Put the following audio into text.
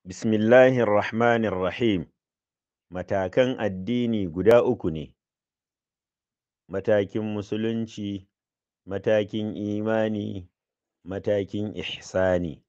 Bismillahir Rahmanir Rahim Matakan addini guda uku ne, matakin Musulunci, matakin imani, matakin ihsani.